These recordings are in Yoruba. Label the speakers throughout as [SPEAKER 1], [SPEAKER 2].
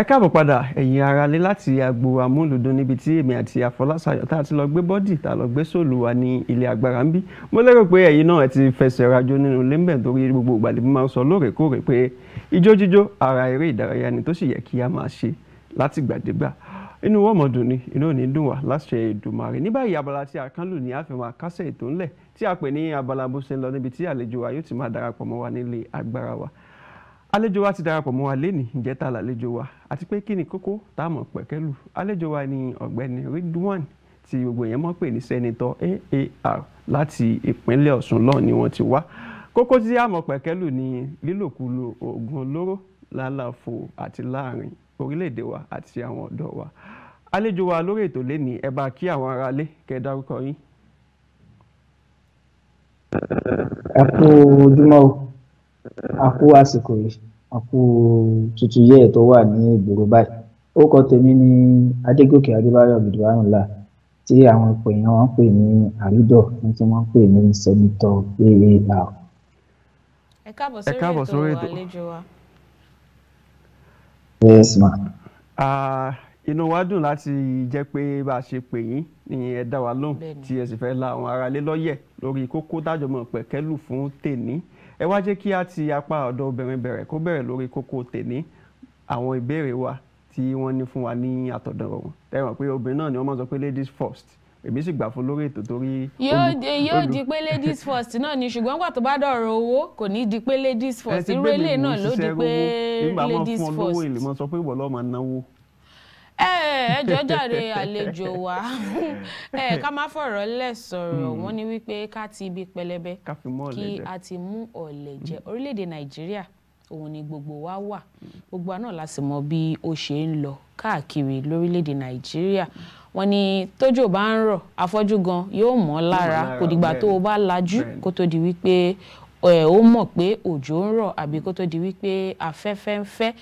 [SPEAKER 1] ẹ káàbọ̀ padà ẹ̀yin ara lé láti agbo amúlùdún níbi tí èmi àti àfọlásayọ̀ tá a ti lọ gbé bọ́dì tá a lọ gbé sóòlù wa ní ilé agbára ń bí mo lérò pé ẹ̀yin náà ẹ ti fẹsẹ̀ rajo nínú ilé ń bẹ̀ torí gbogbo ìgbàlè mi máa ń sọ lóòrèkóòrè pé ijó jíjó ara eré ìdárayá ni tó sì yẹ kí a máa ṣe látìgbàdégbà inú wọn mọ̀ dùn ni inú ò ní dùn wá láṣẹ Èdùmàrè ní báyìí abala tí a kán lù ní àfihàn àkásẹ̀ ètò ńlẹ̀ tí a pè ní abala bó ṣe ń lọ níbi tí àlejò wa yóò ti máa darapọ̀ mọ́ wa nílé agbára wa àlejò wa ti darapọ̀ mọ́ wa lẹ́nìí ìjẹ́ta làlejò wa àti pé kí ni kókó tá a mọ̀ pẹ̀kẹ́lù àlejò wa ni ọ̀gbẹ́ni Ridwan tí gbogbo èèyàn mọ̀ pé ní sẹ́nitọ́ AAR láti ìpínlẹ̀ Ọ̀ṣun lọ́ọ̀ ni wọ́n ti wá kókó tí a mọ̀ pẹ̀kẹ́lù ni lílòkulò oògùn olóró lálàfo àti láàrin orílẹ̀-èdè wa àti àwọn ọ̀dọ́ wa àlejò wa lórí ètò lẹ́nìí ẹ bá kí àwọn aráalé kẹ́ ẹ dárúkọ yín.
[SPEAKER 2] ẹ kú ojúmọ́ o. Aku kú àsìkò yìí a kú tuntun yẹ́ ẹ̀ tó wà ní ìgboro báyìí ni adégòkè adébáyọ̀ gìdìbáyọ̀lá tí àwọn ọ̀pọ̀ èèyàn wọn ń pè ní àrídọ̀ wọn tí wọ́n ń pè ní sẹ́nitọ́ aar.
[SPEAKER 3] ẹ káàbọ̀ sórí ètò àlejò wa.
[SPEAKER 2] yes ma.
[SPEAKER 1] inú wa dùn láti jẹ́ pé bá a ṣe pè yín ni ẹ dá wa lóhùn tí ẹ sì fẹ́ la àwọn aráalé lọ́yẹ̀ lórí kókó tájọmọ̀ pẹ̀kẹ́lù fún tèmi ẹ wá jẹ́ kí a ti apá ọ̀dọ̀ obìnrin bẹ̀rẹ̀ kó bẹ̀rẹ̀ lórí kókó tèní àwọn ìbéèrè wa tí wọ́n ní fún wa ní àtọ̀dọ̀ wọn tẹ́wọ̀n pé obìnrin náà ni wọ́n máa sọ pé ladies first èmi sì gbà fún lórí ètò torí. yóò di pé
[SPEAKER 3] ladies first náà ni ṣùgbọ́n gbà tó bá dọ̀rọ̀ owó kò ní di pé ladies first irú ilé náà ló di pé ladies first. ẹ ti gbé mi mú ṣiṣẹ́ owó nígbà máa fún ọ lówó ìlú
[SPEAKER 1] mọ́ sọ pé ìwọ lọ́ọ́ máa náwó
[SPEAKER 3] ẹ jọ̀ọ́ jàre àlejò wa ẹ ká má fọ̀rọ̀ lẹ̀ sọ̀rọ̀ hmm. wọ́n ní wípé ká ti ibi pẹlẹbẹ kí a ti mú ọ̀lẹ̀ jẹ hmm. orílẹ̀-èdè nàìjíríà òun ni gbogbo wa wà gbogbo àná la sì mọ bí ó ṣe ń lọ káàkiri lórílẹ̀-èdè nàìjíríà wọ́n ní tójò bá ń rọ̀ afọ́jú gan yóò mọ́ lára kò dìgbà tó o bá lajú kó tó di wípé ẹ ó mọ̀ pé òjò ń rọ̀ àbí kó tó di wípé afẹ́fẹ́ ń fẹ́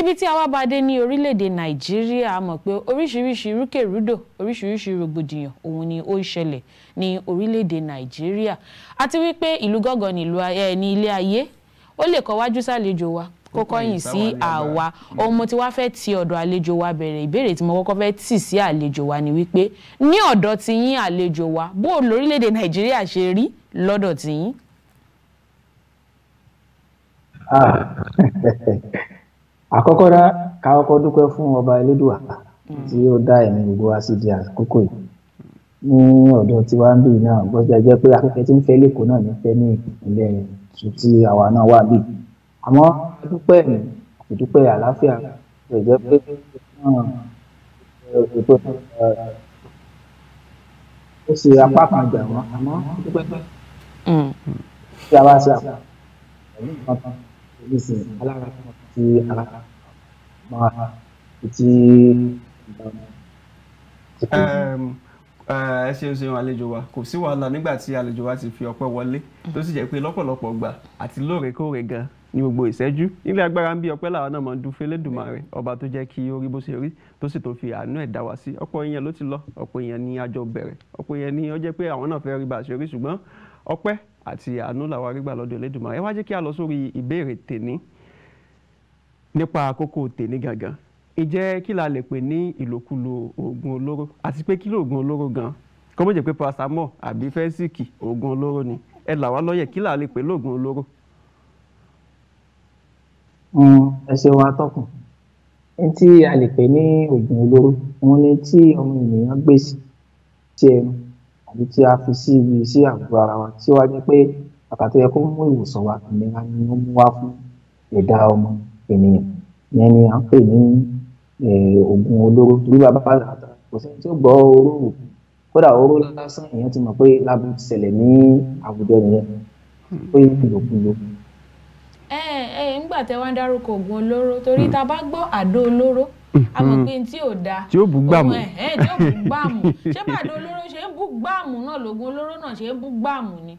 [SPEAKER 3] ibi tí àwa bá dé ní orílẹ̀-èdè nàìjíríà a mọ̀ pé oríṣiríṣi rúkèrúdò oríṣiríṣi rògbòdìyàn òun ni ó ń ṣẹlẹ̀ ní orílẹ̀-èdè nàìjíríà àti wípé ìlú gángan ní ilé ayé ó lè kọ́ wájú sálejò wa kó kọ́yìn sí àwa hmm. ohun mo ti wá fẹ́ ti ọ̀dọ̀ àlejò wa bẹ̀rẹ̀ ìbéèrè tí mo kọ́kọ́ fẹ́ tì sí àlejò wa ni wípé ní ọ̀dọ̀ tiyín àlejò wa bó lórílẹ̀‐èdè nàìjíríà ṣe rí lọ́dọ̀ tiyín
[SPEAKER 2] Ah. àkọ́kọ́ rá ká kọ́kọ́ dúpẹ́ fún ọba elédùà tí ó dá ẹ̀mí gbogbo wá sí di àkókò yìí ní ọ̀dọ̀ tiwa ń bì náà gbọ́dọ̀ jẹ́ pé akẹ́kẹ́ tí ń fẹ́ lẹ́kọ̀ọ́ náà ní fẹ́ ní ìpínlẹ̀ ètò tí àwa náà wà bì àmọ́ dúpẹ́ ẹ̀mí ìdúpẹ́ àlàáfíà rẹ̀ jẹ́ pé ó ṣe apá kan jà wọ́n àmọ́ dúpẹ́ pé mm. tí a bá ṣe àpá ẹ̀mí kan nísìn mm-hmm. alára àti ara máa ti ìbámu.
[SPEAKER 1] Um, um, uh, ẹ ṣeun ṣeun àlejò wa kò sí wàhálà nígbà tí àlejò wa ti fi ọpẹ́ wọlé tó sì jẹ́ pé lọ́pọ̀lọpọ̀ gbà àti lóòrèkóòrè gan ní gbogbo ìṣẹ́jú nílé agbára ń bí ọpẹ́ làwọn náà máa ń dúfẹ́ lẹ́dùnmáre ọba tó jẹ́ kí orí bó ṣe rí tó sì tó fi àánú ẹ̀ dá wa sí ọ̀pọ̀ èèyàn ló ti lọ ọ̀pọ̀ èèyàn ni àjọ bẹ̀rẹ̀ ọ̀pọ̀ èèyàn ni ó jẹ́ pé àwọn náà fẹ́ rí bá a ṣe rí ṣùgbọ́n ọpẹ́ àti àánú làwọn arígbà lọ́dọ̀ Elédùmarè ẹ wá jẹ́ kí a lọ sórí ìbéèrè tèní nípa àkókò tèní gangan ìjẹ́ kí la lè pè ní ìlòkulò oògùn olóró àti pé kí lóògùn olóró gan kó mọ̀ pé paracetamol àbí fẹ́síkì oògùn olóró ni ẹ là wá lóye kí la lè pè lóògùn olóró.
[SPEAKER 2] Mm, ẹ ṣe wa tọkùn ní tí a lè pè ní oògùn olóró òun ni tí ọmọ ènìyàn gbèsè tí ẹnu àbí tí a fi sí ibi sí àgọ́ ara wa tí ó wá pé kàkà tó yẹ kó mú ìwòsàn wa ìlera ni ó mú wá fún ẹ̀dá ọmọ ènìyàn ìyẹn ni à ń pè ní oògùn olóró torí bàbá rà á kò sẹ́ni tí ó gbọ́ oró òògùn kódà oró lásán èèyàn ti mọ̀ pé lábẹ́ ìṣẹ̀lẹ̀ ní àwùjọ nìyẹn pé ìlòkulò.
[SPEAKER 3] ẹ ẹ ńgbà tẹ wá ń dárúkọ oògùn olóró torí tá a bá gbọ́ àdó olóró a mọ̀ hmm, hmm. pé tí ò dáa tí ó bù gbàmù ṣé bàdó olóró bú gbáàmù náà lóògùn olóró náà ṣe é bú gbáàmù ni.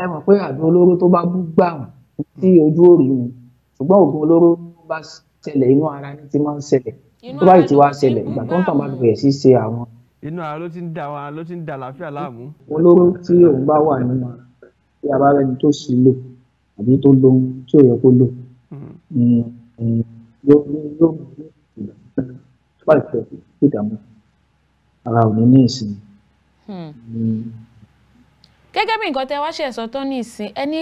[SPEAKER 2] ẹ mọ̀ pé àdùn olóró tó bá bú gbáàmù tí ojú ò rí mu ṣùgbọ́n oògùn olóró tó bá ṣẹlẹ̀ inú ara ni ti máa ń ṣẹlẹ̀ tó bá yìí ti wá ṣẹlẹ̀ ìgbà tó ń tàn bá bẹ̀rẹ̀ sí ṣe àwọn. inú ara ló ti ń da wa ló ti ń da àlàáfíà láàmú. olóró tí òun bá wà nínú ara tí a bá rẹni tó sì lò àbí tó lo ohun tí ò yẹ kó lò hmm. yóò yóò ní ìdààmú ara ò ní ní ìsinmi. Hmm. Hmm.
[SPEAKER 3] gẹ́gẹ́ bí nǹkan tẹ́ wá ṣe ẹ̀sọ́ tó ní ìsìn ẹni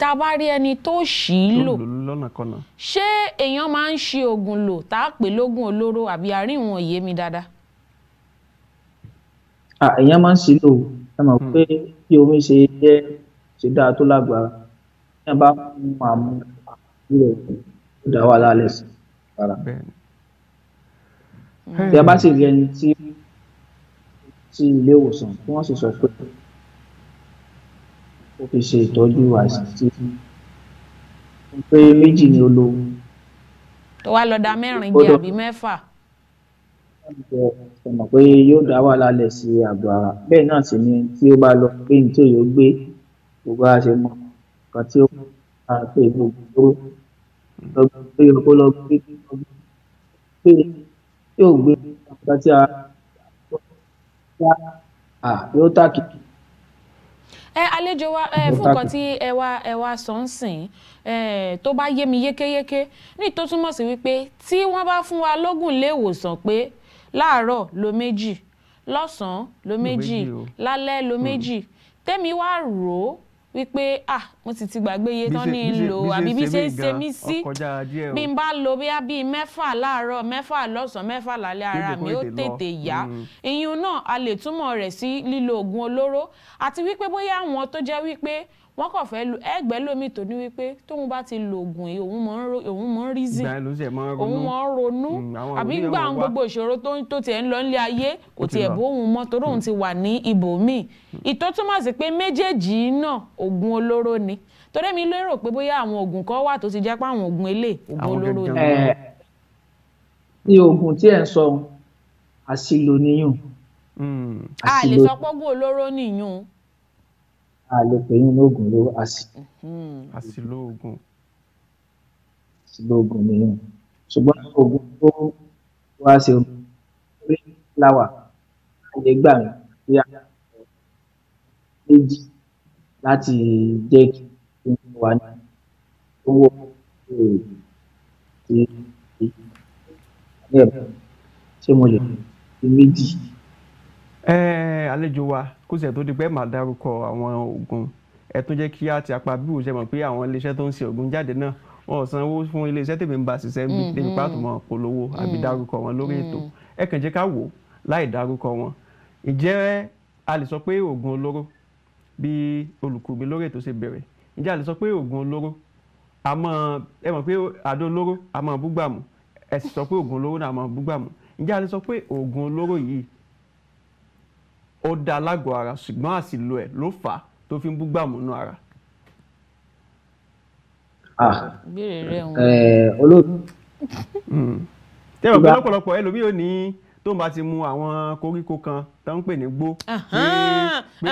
[SPEAKER 3] tá a bá rí ẹni tó ṣì í lò ṣé èèyàn máa ń ṣe oògùn lò tá a pè lóògùn olóró àbí àárín ìwọ̀n òye mi dáadáa.
[SPEAKER 2] èèyàn máa ń ṣì lò ẹ mọ̀ hmm. pé bí omi ṣe jẹ́ ṣe dáa tó lágbára ní bá mú àmú àkúrò ó lálẹ́ sí
[SPEAKER 3] i bí a bá sì
[SPEAKER 2] rí ẹni tí ó sí ilé ìwòsàn tí wọ́n sì sọ pé ó fi ṣe ìtọ́jú àìsàn tí pé méjì ni olówó.
[SPEAKER 3] tó wá lọ da mẹ́rin jẹ àbí mẹ́fà.
[SPEAKER 2] ó pé yóò dá wàhálà lẹ̀ sí àgọ́ ara bẹ́ẹ̀ náà sì ni tí ó bá lọ pé ní tí òyò gbé gbogbo àṣẹ mọ́ kan tí ó máa pè gbogbo dúró lọ́gbọ́n pé ọkọ lọ gbé gbé tí ò gbé nǹkan tí a. Ah, yóò tàkìtì
[SPEAKER 3] ẹ àlejò wa ẹ fún nǹkan tí ẹ wá ẹ wá sọ ń sìn ẹ tó bá yé mi yékéyéké ní tó túmọ̀ sí wípé tí wọ́n bá fún wa lógùn lé pé láàárọ̀ lo méjì lọ́sàn-án lo méjì lálẹ́ lo hmm. méjì tẹ́mi wá rò ó wípé ah mo sì ti gbàgbé iye tán ní í lò àbí bí ṣe ń ṣe mí sí bí n bá lo bíyá bíi mẹ́fà láàárọ̀ mẹ́fà lọ́sàn-án mẹ́fà lálẹ́ ara mi ó tètè yá ìyún mm. náà a lè túmọ̀ rẹ̀ sí lílo oògùn olóró àti wípé bóyá àwọn tó jẹ́ wípé wọ́n kàn fẹ́ lo ẹgbẹ́ lómi tó ní wípé tóun bá ti lo oògùn yìí òun mọ̀ ń ro òun mọ̀ ń reason
[SPEAKER 1] òun mọ̀ ń ronú mm, àbí gbà àwọn gbogbo
[SPEAKER 3] ìṣòro tó tiẹ̀ ń lọ nílé ayé kò tiẹ̀ bóun mọ́ torí òun mm. ti wà ní ibòmíì mm. ìtọ́ túmọ̀ sí pé méjèèjì náà oògùn olóró ni torí mi lérò pé bóyá àwọn oògùn kan wà tó ti jẹ́ pé àwọn oògùn eléyìí oògùn olóró ni. Eh,
[SPEAKER 2] ní oògùn tí ẹ ń sọ àṣìlò nìyẹn. a lè sọ
[SPEAKER 3] pé oògùn olóró nìyẹn
[SPEAKER 2] a lè pè yín lóògùn ló a sì. Mhm. a sì lóògùn. a sì lóògùn nìyẹn ṣùgbọ́n oògùn tó wá ṣe orí láwà àyè gbà mí bí a méjì láti jẹ́ kí n wà ní owó ti ní ẹ̀bùn ṣé mo lè fi méjì.
[SPEAKER 1] Alejo wa kó sì ẹ̀ tó di pé màá dárúkọ àwọn oògùn ẹ̀ ti apá bí òṣèlú mọ̀ pé àwọn iléeṣẹ́ tó ń ṣe oògùn jáde náà wọn ò sanwó fún iléeṣẹ́ tèmi ń ba ṣiṣẹ́ bí mm-hmm. pàtó mọ̀ àbí mm-hmm. dárúkọ wọn lórí ètò mm-hmm. ẹ jẹ́ ká wò láì dárúkọ wọn a lè sọ pé oògùn olóró bí olùkù mi lórí ètò ṣe bẹ̀rẹ̀ a lè sọ pé oògùn olóró àmọ́ ẹ mọ̀ pé àdó olóró àmọ́ búgbàmù ẹ sì sọ ó dá lágọ̀ọ́ ara ṣùgbọ́n àṣìlò ẹ̀ ló fà á tó fi ń búgbàmù nú ara.
[SPEAKER 2] ìbéèrè rẹ ń wọ. tẹ́wọ̀n hmm. pé
[SPEAKER 1] lọ́pọ̀lọpọ̀ ẹlòmíì ò ní tó ń bá ti mu àwọn koríko kan tó ń pè ní gbó
[SPEAKER 3] pé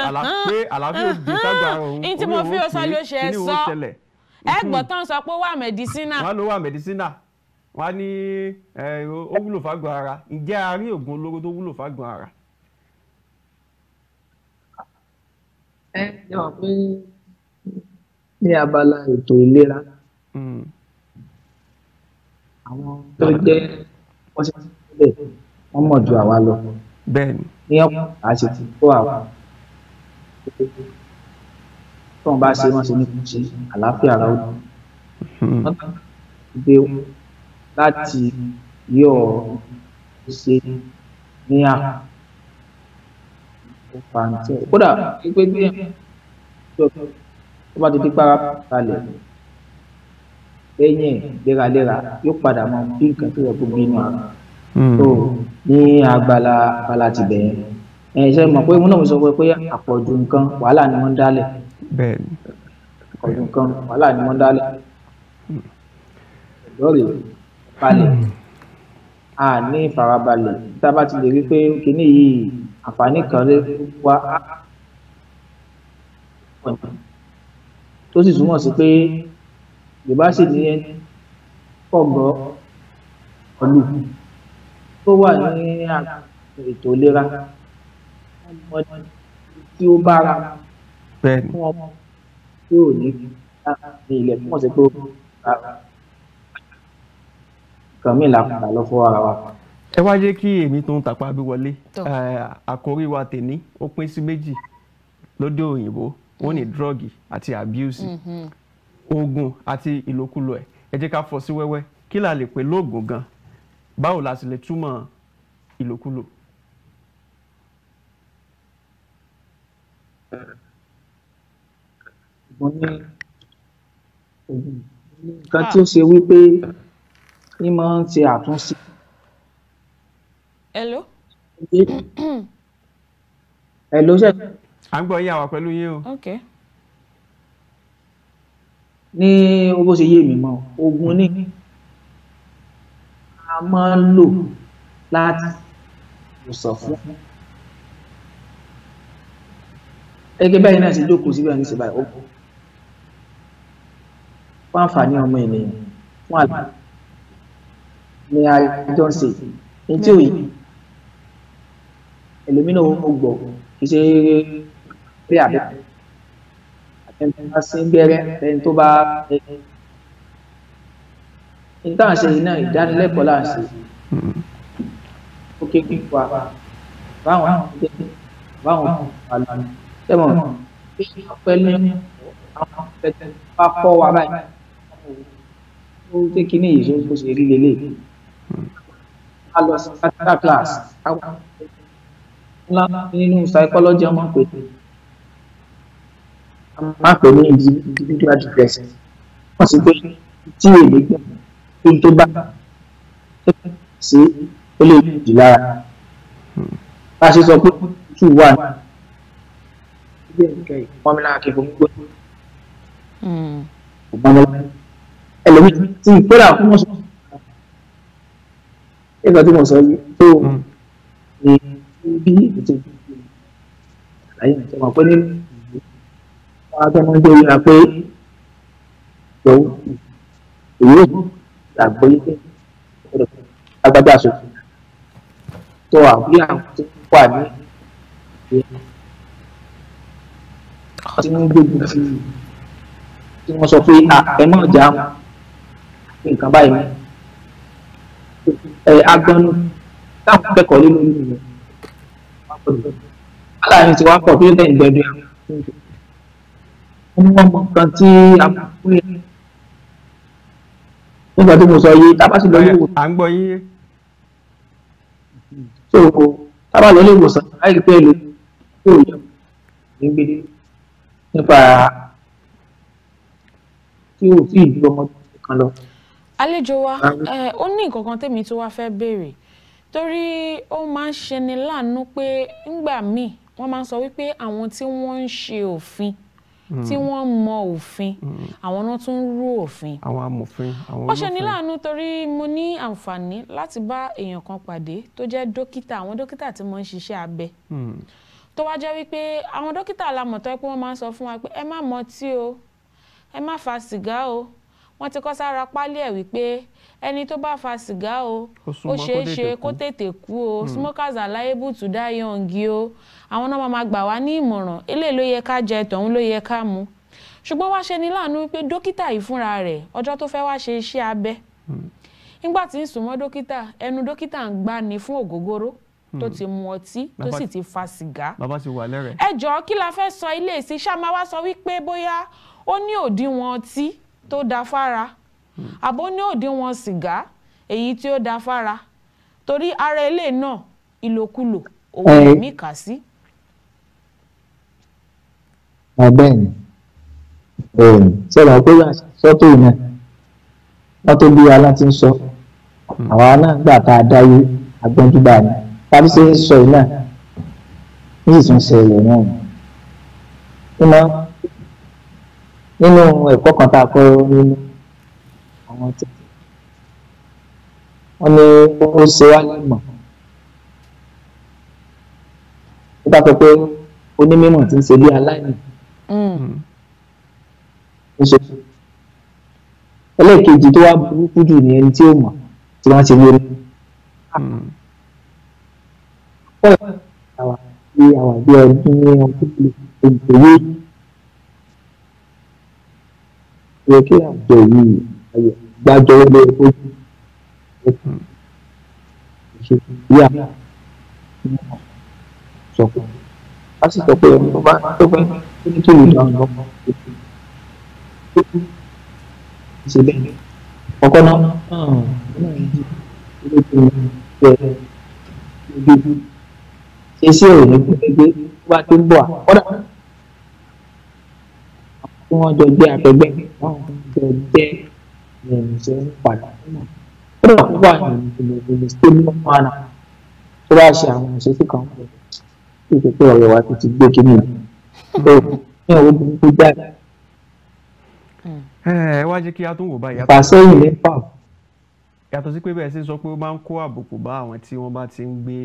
[SPEAKER 3] àlàáfíà òde tágbàrà òun ní tí mo fi ọsàn ló ṣe é
[SPEAKER 1] sọ
[SPEAKER 3] tán sọ pé wà mẹ́dísínà. wọ́n ló
[SPEAKER 1] wà mẹ́dísínà wọ́n á ní ó wúlò fágbọ̀n ara ǹjẹ́ a rí oògùn olóró tó wúlò fágbọ̀n ara.
[SPEAKER 2] ẹ ẹ mọ̀ pé ní abala ètò ìlera hmm. àwọn tó jẹ́ wọ́n ṣe sílẹ̀ wọ́n mọ̀ ju àwa lọ. bẹ́ẹ̀ni. ní ọ̀pọ̀ àṣetì tó àwa tó ń bá ṣe wọ́n ṣe ní kùn ṣe àlàáfíà ara ó hmm. gbé láti yọ̀ ọ́ ṣe ní àpò pàǹtí kódà pípé gbé tó bá ti di para kalẹ̀ lẹ́yìn léraléra yóò padà mọ bí nǹkan tó yẹ kó bí náà tó ní agbala agbala ti bẹ̀ yẹn ẹ̀ ṣe mọ̀ pé múnà mi sọ pé àpọ̀jù nǹkan wàhálà ni wọ́n dálẹ̀ àpọ̀jù nǹkan wàhálà ni wọ́n dálẹ̀ lórí balẹ̀ hmm. a ní ìfarabalẹ̀ tá a bá ti lè rí pé kínní yìí àǹfààní kan lè wá ọ̀nà tó sì túmọ̀ sí pé yorùbá sì ní pọ̀gbọ́ ọ̀lù tó wà ní ètò ìlera tí ó bára fún ọmọ tí ò ní ní ilẹ̀ túmọ̀ sí pé kàmí làkàlà lọ fọ́ ara wa
[SPEAKER 1] ẹ wá jẹ́ kí èmi tó ń tàpá bí wọlé àkórí wa tèmi ó pín sí méjì lóde òyìnbó wọ́n ní mm-hmm. drug àti abuse mm-hmm. oògùn àti ìlòkulò ẹ̀ ẹ jẹ́ ká fọ́ sí wẹ́wẹ́ kí la lè pè lóògùn gan báwo la sì lè túmọ̀ ìlòkulò.
[SPEAKER 2] mo ní nǹkan ah. tí ó ṣe wípé ní máa ń ṣe àtúnṣe hello. hello
[SPEAKER 1] ṣe. à ń gbọ́ yín àwa
[SPEAKER 2] pẹ̀lú yín o. okay. ní bó ṣe yé mi mọ́ oògùn ní a máa ń lò láti ìwòsàn fún gẹ́gẹ́ báyìí náà ṣe jókòó síbẹ̀ ní ìṣẹ̀báyìí ó kú fún àǹfààní ọmọ ènìyàn fún àlọ́ ní àjọ ń ṣe ní tí ò yí ẹlòmínà ó gbọ́ kì í ṣe pé àbí ẹni tó bá sí gbẹ́rẹ́ ẹni tó bá ẹni tá à ń ṣe iná ìdánilẹ́kọ̀ọ́ là ń ṣe ó ké kí wa báwọn àwọn ọmọdé báwọn àlọ́ tẹ́mọ̀ pé pẹ́lú àwọn pẹ̀tẹ́ bá kọ́ wa báyìí ó ké kí ní ìṣó kó ṣe rí lélẹ̀ a lọ sí pátá class àwọn ọmọdé ńlá nínú psychology ọmọ pé máa pè ní individual depression wọ́n sì pé tí èdè gbà kí n tó bá sí ó lè jù lára bá a ṣe sọ pé tù wà ní ilé ẹ̀ka ìfọ́n kí n fò mí gbé ọ̀gbọ́n mi ẹlòmíì tí ìpínlẹ̀ àkókò ẹ̀ka tí mo sọ yìí tó hmm. ní bí ètò ìdíje àlàyé àti ọmọ pé nínú ìlú wọn akẹ́kọ̀ọ́ ń gbéra pé ìjọwọ́ èyí làgbọ́ yìí pé ọ̀dọ̀ agbájá aṣòfin tó àbí àwọn tó wà ní ìlú tí wọ́n gbógun ti tí wọ́n sọ pé ẹ náà já mọ́ nǹkan báyìí ẹ agbọ́nú táwọn akẹ́kọ̀ọ́ lé lórí rẹ̀ aláàrin ti wá pọ̀ tó lẹ́yìn gbẹdọ̀ àwọn ọmọ kan tí a máa ń pè é nígbà tí mo sọ yé tá a bá sì lọ ilé ìwòsàn. à ń gbọ́ yé. so tá a bá lọ ilé ìwòsàn láì pẹ́ ló yóò yẹ gbẹgbẹdẹ nípa tí o tí ì ju ọmọ kan lọ.
[SPEAKER 3] àlejò wa ó ní nǹkan kan tèmi tó wá fẹ́ béèrè torí ó máa ń ṣeni láàánú pé ńgbà míì wọ́n máa ń sọ wípé àwọn tí wọ́n ń ṣe òfin hmm. tí wọ́n mọ òfin hmm. àwọn náà tún ń rú òfin.
[SPEAKER 1] àwọn amòfin àwọn olófin. ó ṣeni láàánú
[SPEAKER 3] torí mo ní àǹfààní láti bá èèyàn kan pàdé tó jẹ́ dókítà àwọn dókítà tí mo ń ṣiṣẹ́ abẹ. Hmm. tó wá jẹ́ wípé àwọn dókítà alamọ̀tọ́ pé wọ́n máa ń sọ fún wa pé ẹ má mọtí o ẹ má fa sìgá o wọ́n ti kọ́ sára pálí ẹ̀ wípé ẹni tó bá fa sìgá o ó ṣeé ṣe kó tètè kú o smokers are liable to die young o àwọn náà máa gbà wá ní ìmọ̀ràn eléyìí ló yẹ ká jẹ tọ̀hún ló yẹ ká mu ṣùgbọ́n wá ṣe ni láàánú wípé dókítà yìí fúnra rẹ̀ ọjọ́ tó fẹ́ wá ṣe iṣẹ́ abẹ hmm. nígbà tí ń sùn mọ́ dókítà ẹnu dókítà ń gbá ni fún ògógóró tó hmm. ti mu ọtí tó sì ti fa sìgá
[SPEAKER 1] ẹ
[SPEAKER 3] jọ̀ọ́ kí la fẹ́ sọ ilé ìsìn máa wá sọ wípé bóyá ó ní òdiwọ̀n ọtí tó da fára àbó ní òdiwọ̀n sìgá èyí tí ó da fára torí ara ilé náà ìlòkulò òun èmi kà sí.
[SPEAKER 2] bẹ́ẹ̀ni sọ̀rọ̀ pé sọ́tò yẹn wọ́n tó bí aláti ń sọ àwa náà gbà tá a dáyé agbọ́njúbà ni tàbí ṣe ń sọ iná ní ìsúnṣe ilẹ̀ náà nínú ẹ̀kọ́ kan tá a kọ́ nínú àwọn tó wọn ní ó ṣe wá lẹ́mọ̀ nígbà tó pé onímọ̀ ti ń ṣe bí aláìní mm. ẹlẹ́ẹ̀kejì tó wá burúkú jù ní ẹni tí ó mọ̀ tí wọ́n ti lórí àwọn àti àwọn àbí ọdún ní ọdún ìgbòho yẹ kí àjọ yìí ayọ̀ gbájọ ó lé ojú okùn ìṣègùn bíà sọ fún mi a sì sọ pé ẹni tó bá tó fẹ́ tó ní tó lè dá ọ̀nà ọmọ òkú tó kú ṣe bẹ́ẹ̀ ọkọ náà olóògùn jẹ ojoojú ṣe sí òní gbẹgbẹ tó bá ti ń bọ̀ àkọ́dà tí wọ́n jọ jẹ́ akẹgbẹ́ wọn jọ jẹ́ yẹn ṣe ń padà nínú kódà kó wà ní ìpìlẹ̀ tó ní mọ́nà tó bá ṣe àwọn ìṣesí kan pọ̀ tó ṣe pé ọ̀rẹ́ wa ti ti gbé kínní bẹ́ẹ̀ ní ìwé burúkú jáde.
[SPEAKER 1] ẹ ẹ wá jẹ́ kí a tún wò báyìí. ìfàsẹ́yìn lè fà ó. yàtọ̀ sí pé bẹ́ẹ̀ ṣe sọ pé ó máa ń kó àbùkù bá àwọn tí wọ́n bá ti ń gbé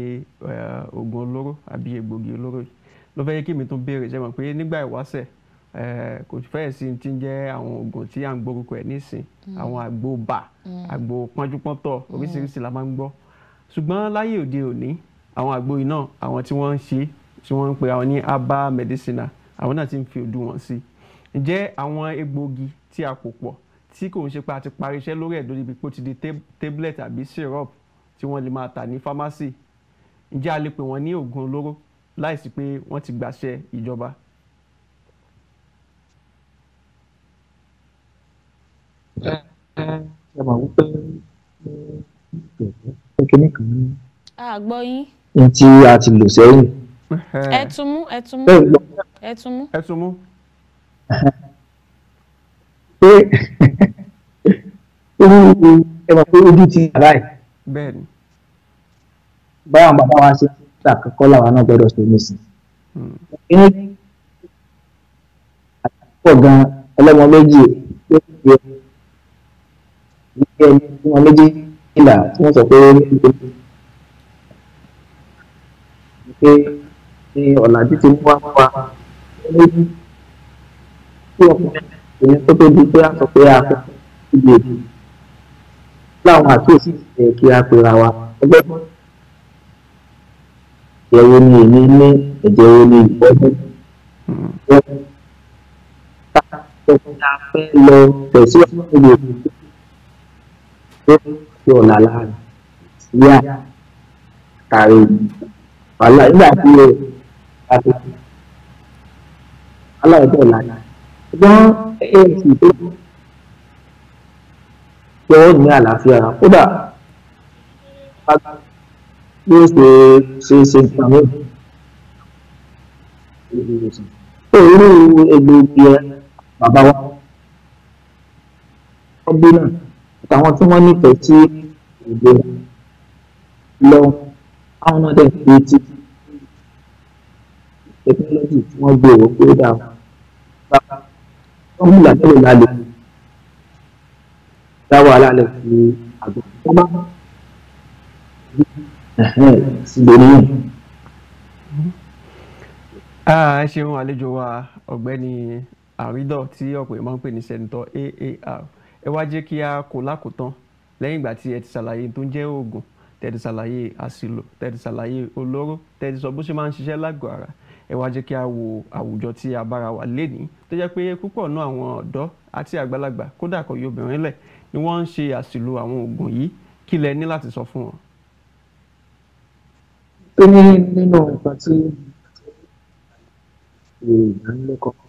[SPEAKER 1] oògùn olóró àbí egbògi olóró ló yẹ kí mi tún béèrè ṣe Eh, kò fẹ́ẹ̀ sí ti ń jẹ́ àwọn oògùn tí à ń gbórúkọ ẹ̀ nísìn mm. àwọn àgbo bà mm. àgbo pọ́njúpọ́ntọ̀ mm. oríṣiríṣi la máa ń gbọ́ ṣùgbọ́n láyé òde òní àwọn àgbo iná àwọn tí wọ́n ń ṣe tí wọ́n ń pe àwọn ní herbal medicinal àwọn náà ti ń fi òdu wọn sí ǹjẹ́ àwọn egbòogi tí a pò pọ̀ tí kò ń ṣe pé a ti parí iṣẹ́ lórí ẹ̀dọ́ níbi pé ó ti di tablet àbí syrup tí wọ́n lè máa tà ní pharmacy ǹjẹ́ a lè pè wọ́n ní oògùn olóró láìsí pé wọ́n ti gbàṣẹ ìjọba
[SPEAKER 2] ẹ mọ̀ wípé kékeré kan ní. àgbọ̀ yín. ní tí a ti lò sẹ́yìn.
[SPEAKER 3] ẹ tún mú ẹ tún mú ẹ tún mú. ẹ tún mú.
[SPEAKER 2] pé irú ẹ mọ̀ pé ojú ti yàrá ẹ̀. bẹ́ẹ̀ni. báyọ̀ bàbá wa ṣe tà kọ́kọ́ làwọn náà gbọ́dọ̀ ṣe mí sí. inú pọ̀ gan-an ọlọ́mọ méjì ló ń gbé ẹni tí wọn méjìlá tí wọn sọ pé pé ní ọ̀làjú ti mú wá wá lórí tí ọkùnrin ìyẹn tó tó di pé a sọ pé a kọ́ ibi èdè láwọn àkíyèsí ẹ̀ kí a pera wa ẹgbẹ́ ẹ̀jẹ̀ wo ni èmi ní ẹ̀jẹ̀ wo ni ìgbọ́dún hmm. wọ́n ta ọkùnrin afẹ́ lọ tẹ̀síwájú lórí èdè yóò là lára síyá tààrí wàhálà nígbà tí o àti aláwọ̀ tó là ṣùgbọ́n anc tó yọ ọ́ ní àlàáfíà kódà yóò ṣe ṣe ṣe ìgbàmọ́ òórùn egbògi ẹ bàbá wa náà àtàwọn tí wọ́n nífẹ̀ẹ́ sí ìgbé lọ àwọn ọmọdé ń fi ti tẹkinọ́lọ́jì tí wọ́n gbé òwò pé ó dà bá wọ́n mú ìlànà lálẹ́ dá wàhálà lẹ̀ fi àgbà tó bá síbẹ̀ nínú.
[SPEAKER 1] ẹ ṣeun àlejò wa ọ̀gbẹ́ni àrídọ̀ tí ọ̀pọ̀ èèyàn ń pè ní sẹ́ńtọ̀ AAR ẹ wá jẹ́ kí a kò lákòótán lẹ́yìn ìgbà tí ẹ ti ṣàlàyé tó ń jẹ́ oògùn tẹ́ ti ṣàlàyé àṣìlò tẹ́ ti ṣàlàyé olóró tẹ́ ti sọ bó ṣe máa ń ṣiṣẹ́ lágọ̀ọ́ ara ẹ wá jẹ́ kí a wo àwùjọ tí a bára wà lénìí tó jẹ́ pé púpọ̀ náà àwọn ọ̀dọ́ àti àgbàlagbà kódà kò yọ obìnrin lẹ̀ ni wọ́n ń ṣe àṣìlò àwọn oògùn yìí kí lẹ ní láti sọ fún wọn.
[SPEAKER 2] ó ní nínú ìgbà tí ìdánilẹ́kọ̀ọ́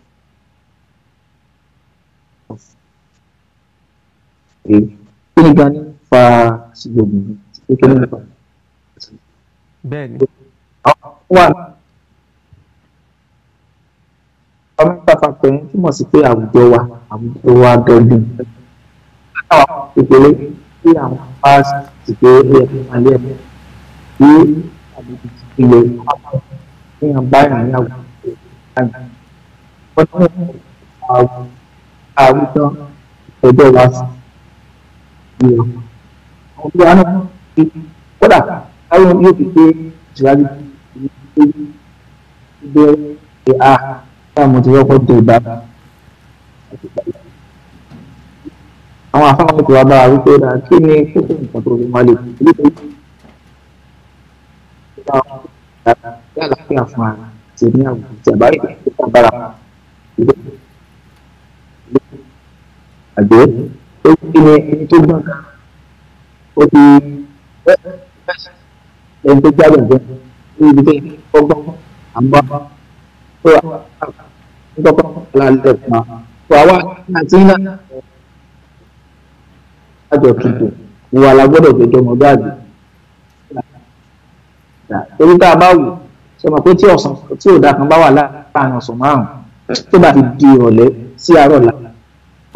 [SPEAKER 2] pé kí ni gan ni ń fa sí gbogbo mi pé kí ni ń fa. bẹ́ẹ̀ni. àwọn wà ọmọ ìpàpà pẹ̀lú túmọ̀ sí pé àwùjọ wa àwùjọ wa dọ̀dún. àwọn ìpele tí àwọn bá sì pé ẹ ẹ máa lé ẹ bí àdúgbò ti fi lè pápá ní àbáyà ní àwùjọ àgbà. wọ́n ní àwùjọ wa sí àwọn tí a náà fi kódà táwọn yóò fi pé ìṣèwádìí ìlú pé ìgbé a táwọn ti rọ́pò tó ìgbà àwọn afáwọn ètò abá wípé ra kí ni kókó nǹkan tó fi máa lè fi ilé tó àgbẹ̀ ó ti ní ẹni tó gbọ́n kan ó ti ẹni tó gbádùn jẹ níbi tó yẹ ọgbọ́n àgbà tó àgbà lálẹ́ kan tó àwa àti ńlá àjọ tuntun ìwà la gbọ́dọ̀ tó jọmọ gbáàgbé torí tá a bá wù sọmọ pé tí ọ̀sán tí ò dá kan bá wà láàárín ọ̀sán márùn-ún tó bá ti di ìrọ̀lẹ́ sí àárọ̀ làwọn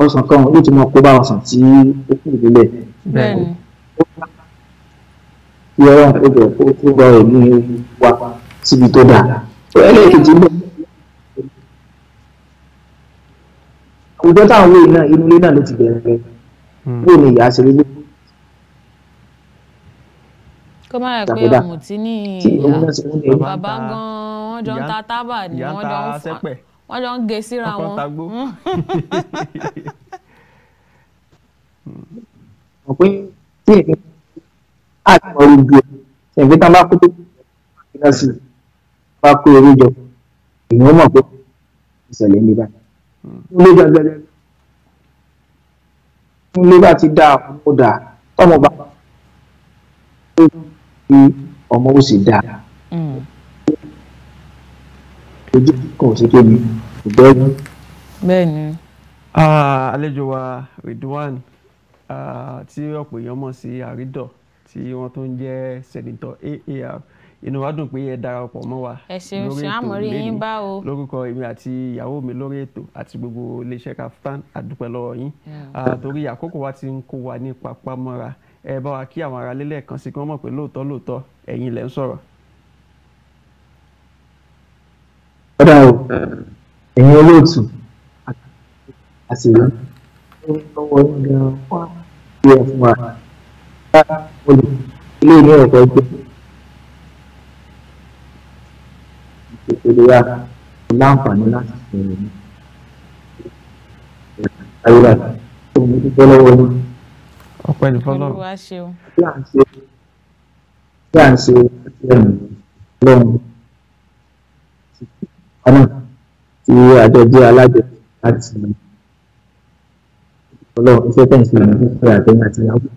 [SPEAKER 2] ọsàn kan yóò ti mọ kó bá ọsàn tí ó kù nílẹ̀ kí ọlọ́run kó bẹ̀ kó kó bá ẹ̀mí wa síbi tó dáa ẹlẹ́ẹ̀kejì bẹ́ẹ̀ àwùjọ táwọn wéyìn náà inú ilé náà ló ti bẹ̀rẹ̀ hmm. bó ni ìyá ṣe lélẹ́
[SPEAKER 3] kó má rẹ̀ pé ọmọ tí ní ìyá bàbá gan-an wọ́n jọ ń ta tábà ni wọ́n jọ ń fà wọ́n jọ ń gé síra wọn. ọkọ tagbó. Hmm.
[SPEAKER 2] mọ̀ pé tí èdè àti ọ̀rọ̀ ìgbò ṣẹ̀gbẹ́ tá a bá kó tó kí lọ sí i bá kó eré jọ èèyàn mọ̀ pé ìṣẹ̀lẹ̀ ní báyìí. Hmm. nílé gbẹgbẹrẹ nílé dáa ó dáa tọmọ bá ti ọmọ ó sì dáa. Hmm ojú kan ṣe pé mi kò gbẹ́rú.
[SPEAKER 1] bẹ́ẹ̀ni. àlejò wa Ridwan tí ọ̀pọ̀ èèyàn mọ̀ sí àrídọ̀ tí wọ́n tó ń jẹ́ sẹ́nitọ̀ AAR inú wa dùn pé ẹ darapọ̀ mọ́ wa lórí ètò lẹ́yìn lórúkọ èmi àti ìyàwó mi lórí ètò àti gbogbo iléeṣẹ́ Kaftan àdúpẹ́ lọ́wọ́ yín torí àkókò wa ti ń kó wa ní papá mọ́ra ẹ bá wa kí àwọn aráalé lẹ́ẹ̀kan sí kí wọ́n mọ̀ pé lóòótọ́ lóòótọ́ ẹ̀yin lẹ́ ń sọ̀rọ̀.
[SPEAKER 2] ọ̀dà o ẹ̀yin olóòtú àṣírí lọ́wọ́ yín gan-an wà bí ẹ fún wa bá olè ilé ní ẹ̀kọ́ gbé ìpele wa láǹfààní láti sọ̀rọ̀ ní ayélujára tó ń dúpẹ́ lọ́wọ́ yín. ọpẹ́ ní
[SPEAKER 1] fọlọ́
[SPEAKER 3] bí à ń ṣe
[SPEAKER 2] bí à ń ṣe lọ́run náà tí àjọ jẹ́ alájọpọ̀ láti ọlọ́run iṣẹ́ tẹ̀ ń ṣe ìlú fífẹ́ àtẹ̀yìn àti ìyàwó.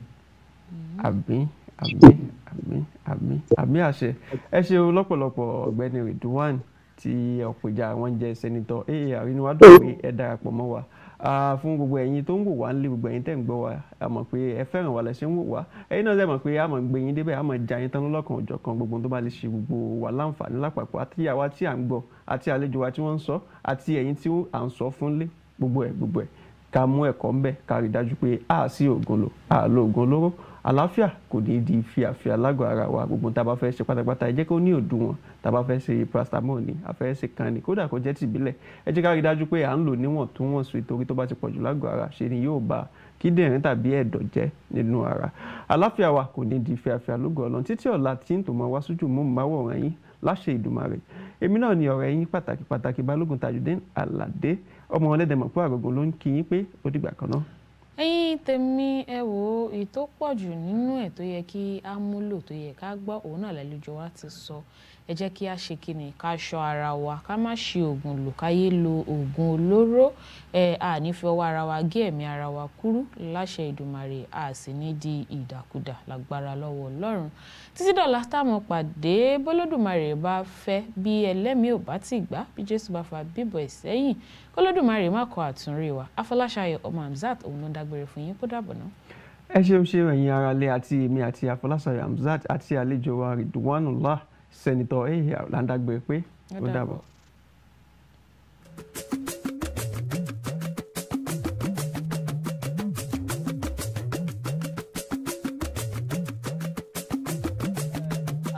[SPEAKER 1] àmín àmín àmín àmín àmín àṣẹ ẹ ṣe lọ́pọ̀lọpọ̀ ọ̀gbẹ́ni Ridwan tí ọ̀pẹ̀jà àwọn jẹ́ sẹ́nitọ̀ aa àrínúwádùn pé ẹ darapọ̀ mọ́ wa fún gbogbo ẹ̀yin tó ń wò wá nílé gbogbo ẹ̀yin tẹ̀ ń gbọ́ wá a pé ẹ fẹ́ràn wa lẹ̀ ṣe ń wò wá ẹ̀yin náà ṣe mọ̀ pé a mọ̀ gbé yín débẹ̀ a mọ̀ já yín tán lọ́kàn ọjọ́ kan gbogbo tó bá lè ṣe gbogbo wa láǹfààní lápapọ̀ àti àwa tí à ń gbọ́ àti àlejò wa tí wọ́n ń sọ àti ẹ̀yin tí à ń sọ fún lé gbogbo ẹ̀ gbogbo ẹ̀ ká mú ẹ̀kọ́ ńbẹ̀ ká rí dájú pé a sí òògùn lò a lo òògùn olóró àlàáfíà kò ní di fíàfíà lágọ̀ọ́ ara wa gbogbo tá a bá fẹ́ ṣe pátápátá ẹ jẹ́ kó ní òdiwọ̀n tá a bá fẹ́ ṣe paracetamol ni a fẹ́ ṣe kan ni kódà kó jẹ́ tìbílẹ̀ ẹ jẹ́ ká rí dájú pé à ń lò níwọ̀ntúnwọ̀nsì torí tó bá ti pọ̀jù lágọ̀ọ́ ara ṣe ni yóò ba kíndìnrín tàbí ẹ̀dọ̀ jẹ́ nínú ara àlàáfíà wa kò ní di fíàfíà lógún ọ̀lọ́n títí ọ̀la tí ń tò mọ́ wá sójú mú máwòrán yín láṣẹ Ìdùmarè èmi
[SPEAKER 3] ẹ̀yin tèmi ẹ wo èyí tó pọ̀ jù nínú ẹ̀ tó yẹ kí á múlò tó yẹ ká gbọ́ òun náà lálejò wa ti sọ ẹ jẹ́ kí a ṣe kíni ká ṣọ́ ara wa ká má ṣe oògùn lò káyé lo oògùn olóró ẹ a ní fi ọwọ́ ara wa gé ẹ̀mí ara wa kúrú láṣẹ Èdùmàrè a sì ní di ìdàkudà lágbára lọ́wọ́ Ọlọ́run títí dọ̀la táwọn pàdé bọ́lódùmarè bá fẹ́ bí ẹlẹ́mìí ò bá ti gbà bí Jésù bá fa bíbọ̀ ìsẹ́yìn kọ́lódùmarè má kọ àtúnrí wa Afọláṣayọ̀ ọmọ Hamzat òun ló ń dágbére fún yín kó dàbọ̀ náà
[SPEAKER 1] ẹ ṣeun ṣeun ẹ̀yin aráalé àti èmi àti Afọláṣayọ̀ Hamzat àti àlejò wa Ridwanullah sẹ́nitọ́ ẹ̀yà làǹdàgbẹ́ pé ó dàbọ̀.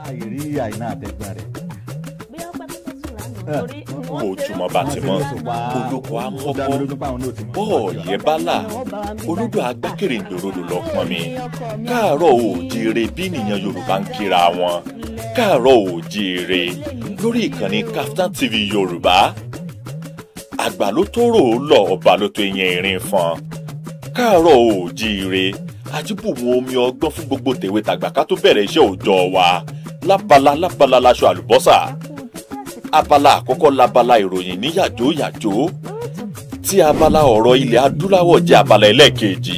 [SPEAKER 4] àìrí àìná àtẹ̀gbọ́n rẹ̀ kò túmọ̀ bàtí mọ́ olóko amọ́kọ́ bọ́ọ̀lì bálà olódò agbákèrè ńdòròdò lọ́pọ̀ mi káàárọ̀ oòjíire bí nìyẹn yorùbá ń kíra wọn káàárọ̀ òjíire lórí ìkànnì Kaftan TV yorùbá àgbà ló tó rò ó lọ ọba ló tó yan irin fọn káàárọ̀ òjíire àjíbùmọ̀ omi ọgbọ́n fún gbogbo tèwe tàgbà ká tó bẹ̀rẹ̀ iṣẹ́ òòjọ́ wa lábala lábala laṣọ àlùbọ́sà abala àkọ́kọ́ labala ìròyìn ní yàjó tí abala ọ̀rọ̀ ilẹ̀ adúláwọ̀ jẹ́ abala ẹlẹ́ẹ̀kejì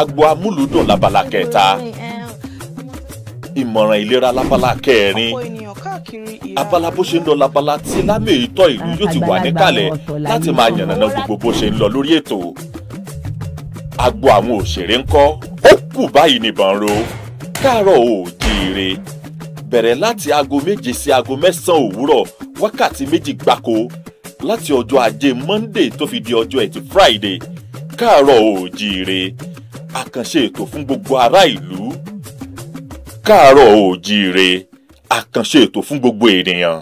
[SPEAKER 4] agbo amúlùúdùn labala kẹta ìmọ̀ràn ìlera lábala kẹrin abala bó ṣe ń lọ labala tí lámì ìtọ́ ìlú yóò ti wà níkàlẹ̀ láti máa yànnàná gbogbo bó ṣe ń lọ lórí ètò agbo àwọn òṣèré ń kọ́ ó kù báyìí nìbọn ro káàárọ̀ oòjíire bẹ̀rẹ̀ láti aago méje sí aago mẹ́sàn-án òwúrọ̀ wákàtí méjì gbáko láti ọjọ́ ajé monday tó fi di ọjọ́ ẹtì friday káàárọ̀ oòjíire àkànṣe ètò fún gbogbo ará ìlú káàárọ̀ oòjíire àkànṣe ètò fún gbogbo ènìyàn.